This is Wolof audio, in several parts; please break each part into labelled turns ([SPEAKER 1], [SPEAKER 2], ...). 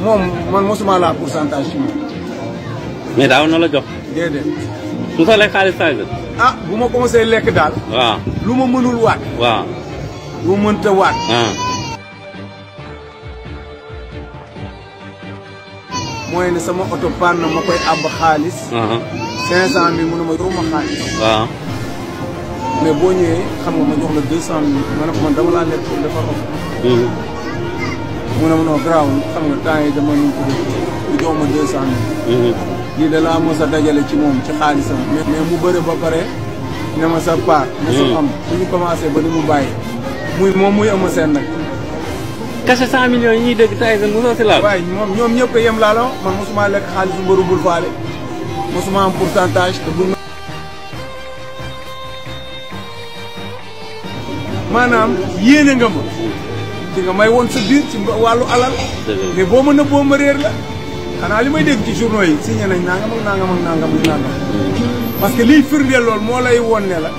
[SPEAKER 1] moom man mosuma laa pourcentage ci moom. mais daaw na la jox. déedéet. su sa lekk xaalis tàggat. ah bu ma commencé lekk daal. lu ma mënul waat. waaw lu ma waat. Ah. mooy ne sama oto panne ma koy àbb xaalis. 500000 ah. ma yoruma xaalis. waaw. boo ñëwee xam nga ma jox la ma ne ko man dama laa nekk dafa ëpp. mu ne ma non garaawul xam nga temps yi dama ñu ko du jox ma deux cent mille. Mhm. lii da laa mos a dajale ci moom ci xaalisam. mais mu bëre ba pare ne ma sa part. ne sa xam mhm. bu ñu commencé ba ni mu bàyyi. muy moom muy am seen nag. kese cent millions yi ñuy dégg Tyson mosoo si laal. waaye ñoom ñëpp a yem laalo man mosuma lekk xaalisu mbëru bul faale mosuma am pourcentage bu. maanaam yéene nga ma. di nga may woon sa biir ci wàllu alal. mais boo ma nëbboo ma réer la. xanaa li may dégg ci journaux yi signé nañ nangam ak nangam ak nangam ak nangam. parce que liy firndeel loolu moo lay woon ne la.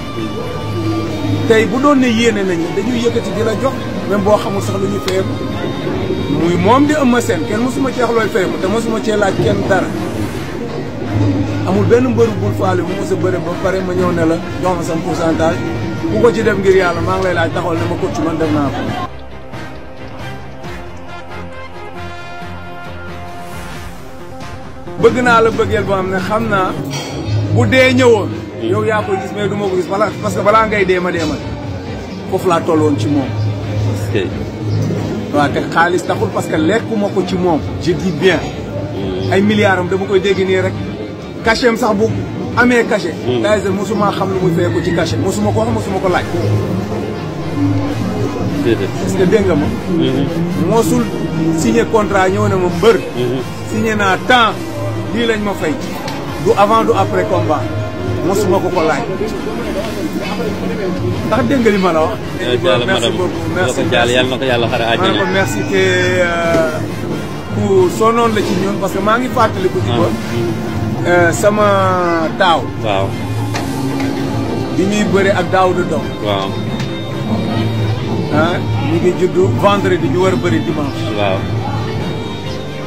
[SPEAKER 1] tey bu doon ne yéene nañ la dañuy yëkkati di la jox même boo xamul sax lu ñu feeku moom di ëmma seen kenn mosuma cee wax looy feeku te mosuma cee laaj kenn dara. amul benn mbëru bul faale bu mos a bëre ba pare ma ñëw ne la jox ma sam pourcentage bu ko ci def ngir yàlla maa ngi lay laaj taxawal ne ma def naa bëgg naa la bëggeel boo xam ne xam naa bu dee ñëwoon yow yaa koy gis mais du ma ko gis parce que balaa ngay dee ma dee ma foofu laa tolloon ci moom waaw te xaalis taxul parce que lekkuma ko ci moom je dis bien hmm. ay milliards dama koy dégg nii rek cachet sax bu amee cachet Tyson hmm. mosuma xam lu muy fee ko ci cachet mosuma ko wax mosuma ko laaj est-ce que dégg ma hmm. mosul signé contrat ñëw ne ma mbër signé naa temps lii lañ ma fay du avant du après combat mosuma ko ko laaj ndax dégg ma la wax. merci beaucoup merci yàlla na ko merci te euh, ci parce que maa ngi fàttaliku. ci ko ah. euh, sama taaw. waaw. bi ñuy bëri ak daaw de doom. waaw. ah ñu ngi juddu vendredi ñu war a bëri dimanche. waaw.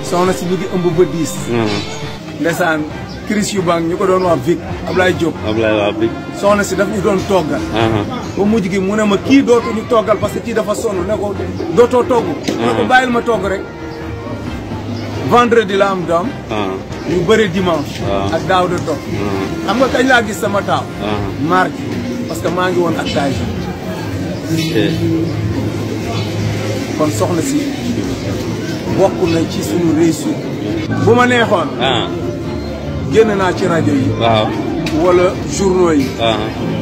[SPEAKER 1] soxna si ñu ngi ëmb ba diis. Mm-hmm. ndeysaan crise yu banque ñu ko doon wax Vic Ablaye Diop. Ablaye waaw Vic. soxna si daf ñu doon toggal. Uh-huh. ba mujj gi mu ne ma kii ñu toggal parce que kii dafa sonn ne ko dootoo togg. mu uh-huh. ne ma togg rek. vendredi la am doom. Uh-huh. ñu bëri dimanche. ak daaw de toog. kañ laa gis sama taaw. mardi parce que maa ngi woon ak daay kon soxna si bokk na ci suñu réussite. bu ma neexoon. génn naa ci rajo yi. waaw wala yi.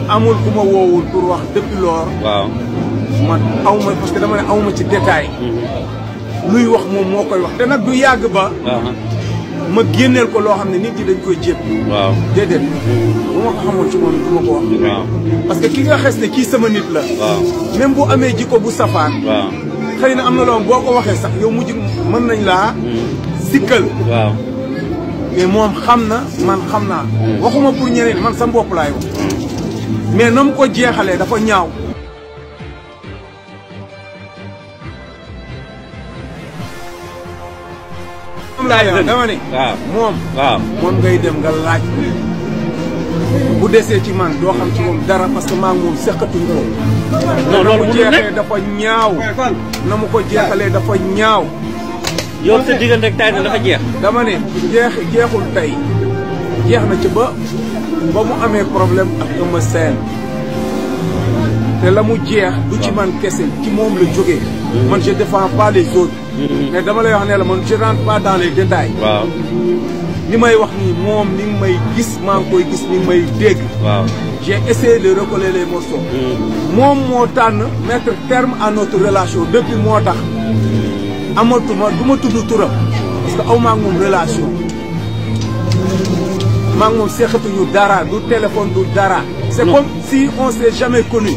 [SPEAKER 1] amul ku ma woowul pour wax depuis lors. waaw man aw parce que dama ne aw ci détail. Mhm. luy wax moom moo koy wax te nag du yàgg ba. ma génneel ko loo xam ne nit ñi dañ koy jéem. waaw bu ma ko xamoon ci moom du ma ko wax. parce que ki nga xes ne kii sama nit la. waaw même bu amee ji ko bu safaan. waaw xëy na am na loo boo ko waxee sax yow mujj mën nañ laa. Mhm. sikkal waaw. mais moom xam na man xam naa waxuma pour ñeneen man sa bopp laay mais na mu jeexalee dafa ñaaw
[SPEAKER 2] moom laa moom
[SPEAKER 1] ngay dem nga laaj bu desee ci man doo xam ci moom dara parce que maa ngi moom seqatuñ ko non loolu dafa ñaaw na mu ko jeexalee dafa ñaaw yow sa diggante ak Tyson dafa jeex. dama ne jeex jeexul tey jeex na ci ba ba mu amee problème ak Eumeu Sène te la mu jeex du ci man kese ci moom la jógee. Mm-hmm. man je défends pas les autres. Mm-hmm. dama lay wax ne la man ci rentre pas dans les détails. waaw li may wax nii moom ni may gis maa ngi koy gis ni may dégg. waaw j'ai essayé de recoller les mm-hmm. moom moo tànn mettre terme à relation depuis moo tax. amatuma du ma tudd tura parce que aw maa ngi moom relation maa ngi moom seqatuñu dara du téléphone du dara. c'est comme si on s'est jamais connu.